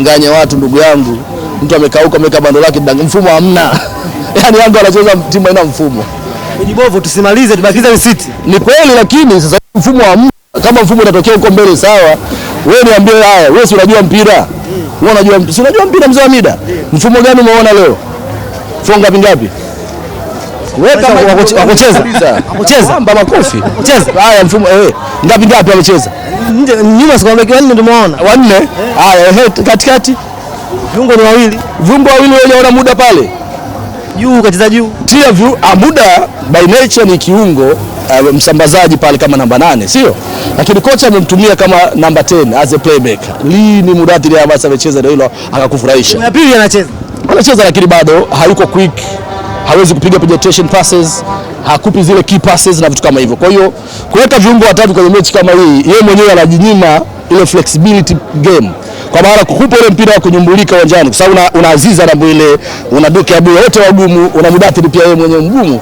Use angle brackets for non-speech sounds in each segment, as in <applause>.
Nganya watu ndugu yangu, mtu amekauka ameka bando lake, mfumo hamna. <laughs> Yani Yanga anacheza timu haina mfumo. Kujibovu tusimalize tubakize ni Ni kweli lakini sasa mfumo hamna. Kama mfumo unatokea huko mbele sawa. Wewe niambie haya, wewe si unajua mpira? Wewe unajua si unajua mpira mzee wa mida? Mfumo gani umeona leo? Funga vingapi? Wewe kama wakocheza. Wakocheza. Wakocheza. Bamba makofi. Wakocheza. Haya mfumo eh. Ngapi ngapi amecheza? nje nyuma, sikwambia kwa nini? Tumeona wanne. Eh. Haya, ehe, katikati viungo ni wawili, viungo wawili. Wewe unaona muda pale juu, kacheza juu, tia ah, muda by nature ni kiungo Uh, msambazaji pale kama namba nane sio, lakini kocha amemtumia kama namba 10 as a playmaker. Lini Mudathir Abbas amecheza na hilo akakufurahisha? Ya pili anacheza anacheza, lakini bado hayuko quick, hawezi kupiga penetration passes hakupi zile key passes na vitu kama hivyo. Kwa hiyo kuweka viungo watatu kwenye mechi kama hii, yeye mwenyewe anajinyima ile flexibility game kwa maana kukupa ule mpira wa kunyumbulika uwanjani, kwa sababu una una Aziza na Bwile, una Duke ya Bwile, wote wagumu, una Mudathir pia yeye mwenyewe mgumu,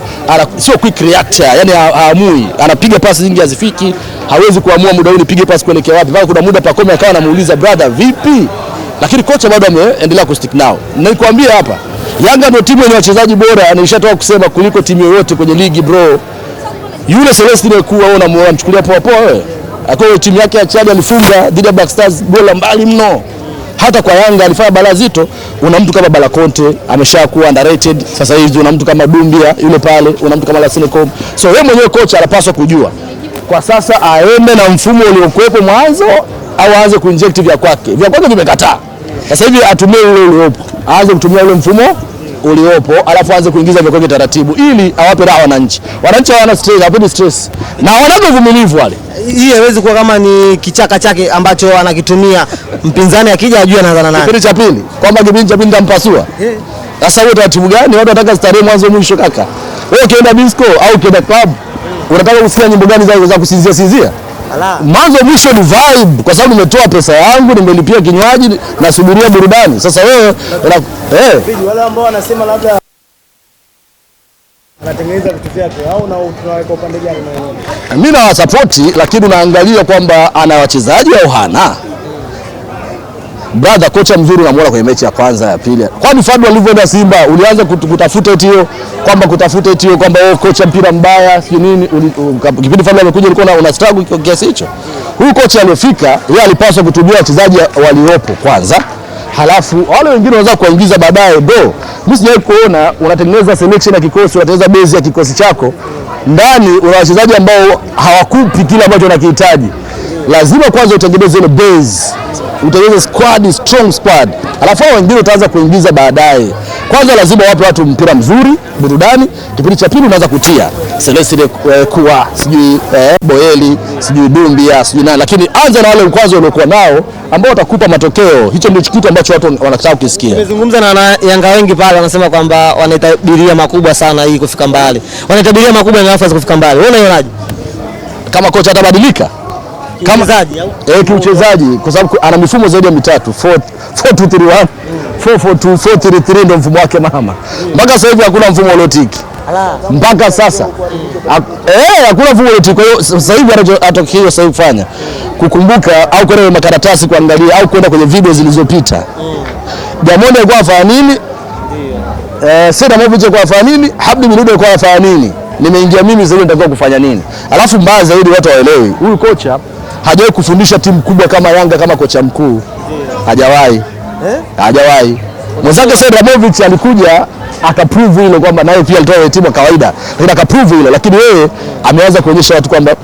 sio quick reactor, yani haamui, anapiga pasi nyingi hazifiki, hawezi kuamua muda huu nipige pasi kuelekea wapi, mpaka kuna muda Pacome akawa anamuuliza brother, vipi? Lakini kocha bado ameendelea kustick nao, nilikwambia hapa Yanga ndio timu yenye wachezaji bora, nilishatoka kusema kuliko timu yoyote kwenye ligi bro. Yule Celestine kuwa wewe unamuona mchukulia poa poa wewe. Akao timu yake ya Chad alifunga dhidi ya Black Stars gola mbali mno. Hata kwa Yanga alifanya balaa zito. Una mtu kama Balakonte ameshakuwa underrated sasa hivi, una mtu kama Dumbia yule pale, una mtu kama Lasine Kom. So wewe mwenyewe kocha anapaswa kujua kwa sasa aende na mfumo uliokuwepo mwanzo au aanze kuinject vya kwake. Vya kwake vimekataa. Sasa hivi atumie ule uliopo, aanze kutumia ule mfumo uliopo alafu aanze kuingiza vikoje taratibu, ili awape raha wananchi. Wananchi hawana stress, hawapendi stress na wanapo vumilivu wale. Hii haiwezi kuwa kama ni kichaka chake ambacho anakitumia mpinzani, akija ajue anaanza nani. kipindi cha pili, kwamba kipindi cha pili nitampasua. Eh. Sasa huo taratibu gani? Watu wanataka starehe mwanzo mwisho. Kaka wewe ukienda disco au ukienda club, unataka kusikia nyimbo gani za kusinzia sinzia? mwanzo mwisho ni vibe, kwa sababu nimetoa pesa yangu, nimelipia kinywaji, nasubiria burudani. Sasa wewe eh. wale ambao wanasema labda anatengeneza vitu vyake au na tunaweka upande gani? Mimi nawasapoti, lakini unaangalia kwamba ana wachezaji au hana brother, kocha mzuri unamwona kwenye mechi ya kwanza ya pili. Kwani Fadlu alivyoenda Simba ulianza kutafuta eti hiyo kwamba kutafuta eti hiyo kwamba wewe kocha mpira mbaya si nini? Kipindi Fadlu amekuja ulikuwa una struggle kwa kiasi hicho? Huyu kocha aliyofika yeye alipaswa kutubia wachezaji waliopo kwanza, halafu wale wengine wanaweza kuingiza baadaye. Bro, mimi sijawahi kuona unatengeneza selection ya kikosi, unatengeneza base ya kikosi chako, ndani una wachezaji ambao hawakupi kile ambacho unakihitaji. Lazima kwanza utengeneze ile base utengeze squad, strong squad, alafu hao wengine utaanza kuingiza baadaye. Kwanza lazima wape watu mpira mzuri, burudani. Kipindi cha pili unaanza kutia Celestine kuwa eh, sijui eh, Boeli sijui Dumbia sijui nani, lakini anza na wale mkwazo uliokuwa nao ambao watakupa matokeo. Hicho ndio kitu ambacho watu wanataka kusikia. Nimezungumza na Yanga wengi pale, wanasema kwamba wanatabiria makubwa sana hii kufika mbali, wanatabiria makubwa na nafasi kufika mbali. Wewe unaionaje? Kama kocha atabadilika kiuchezaji eh, kiuchezaji kwa sababu ana mifumo zaidi ya mitatu 4 2 1 4 4 2 4 3 3 ndio mfumo wake mama. Mpaka sasa hivi hakuna mfumo uliotiki mpaka sasa eh, hakuna mfumo uliotiki. Kwa hiyo sasa hivi anatakiwa sasa hivi fanya kukumbuka au kwenda kwenye makaratasi kuangalia au kwenda kwenye video zilizopita. Gamondi alikuwa afanya nini? Eh, Sedamovic alikuwa afanya nini? Abdi Mirudi alikuwa afanya nini? Nimeingia mimi zaidi, nitakiwa kufanya nini? Alafu mbaya zaidi, watu waelewi huyu kocha hajawahi kufundisha timu kubwa kama Yanga kama kocha mkuu hajawahi, eh? hajawahi. Mwenzake Sir Ramovic alikuja akaprove hilo kwamba naye pia alitoa timu kawaida, lakini akaprove hilo, lakini yeye ameanza kuonyesha watu kwamba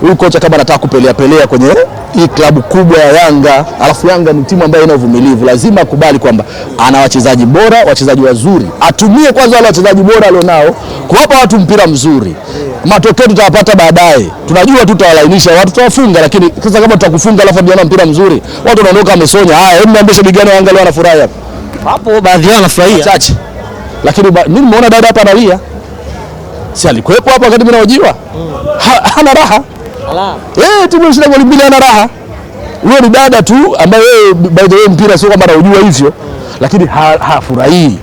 huyu kocha kama anataka kupelea pelea kwenye hii klabu kubwa ya Yanga, alafu Yanga ni timu ambayo ina uvumilivu. Lazima akubali kwamba ana wachezaji bora, wachezaji wazuri, atumie kwanza wale wachezaji bora alionao, kuwapa watu mpira mzuri matokeo tutayapata baadaye. Tunajua tutawalainisha watu, tutawafunga, lakini sasa kama tutakufunga alafu tunaona mpira mzuri, watu wanaondoka wamesonya. Haya, hebu niambie shabiki gani Yanga leo anafurahi hapa? Hapo baadhi yao wanafurahia. Chache. Lakini mimi nimeona dada hapa analia. Si alikuwepo hapa wakati mimi naojiwa? Mm. Ha, hana raha. Ala. Eh, timu ya goli mbili hana raha. Huyo ni dada tu ambaye wewe eh, by the way mpira sio kama unajua hivyo, lakini hafurahii.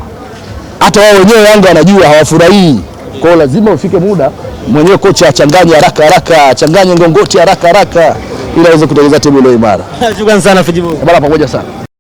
Hata wao wenyewe Yanga wanajua hawafurahii kwao lazima ufike muda mwenyewe kocha achanganye haraka haraka, achanganye ngongoti haraka haraka, ili aweze kutengeneza timu ile imara. <laughs> Shukrani sana Fijibu. Bwana pamoja sana.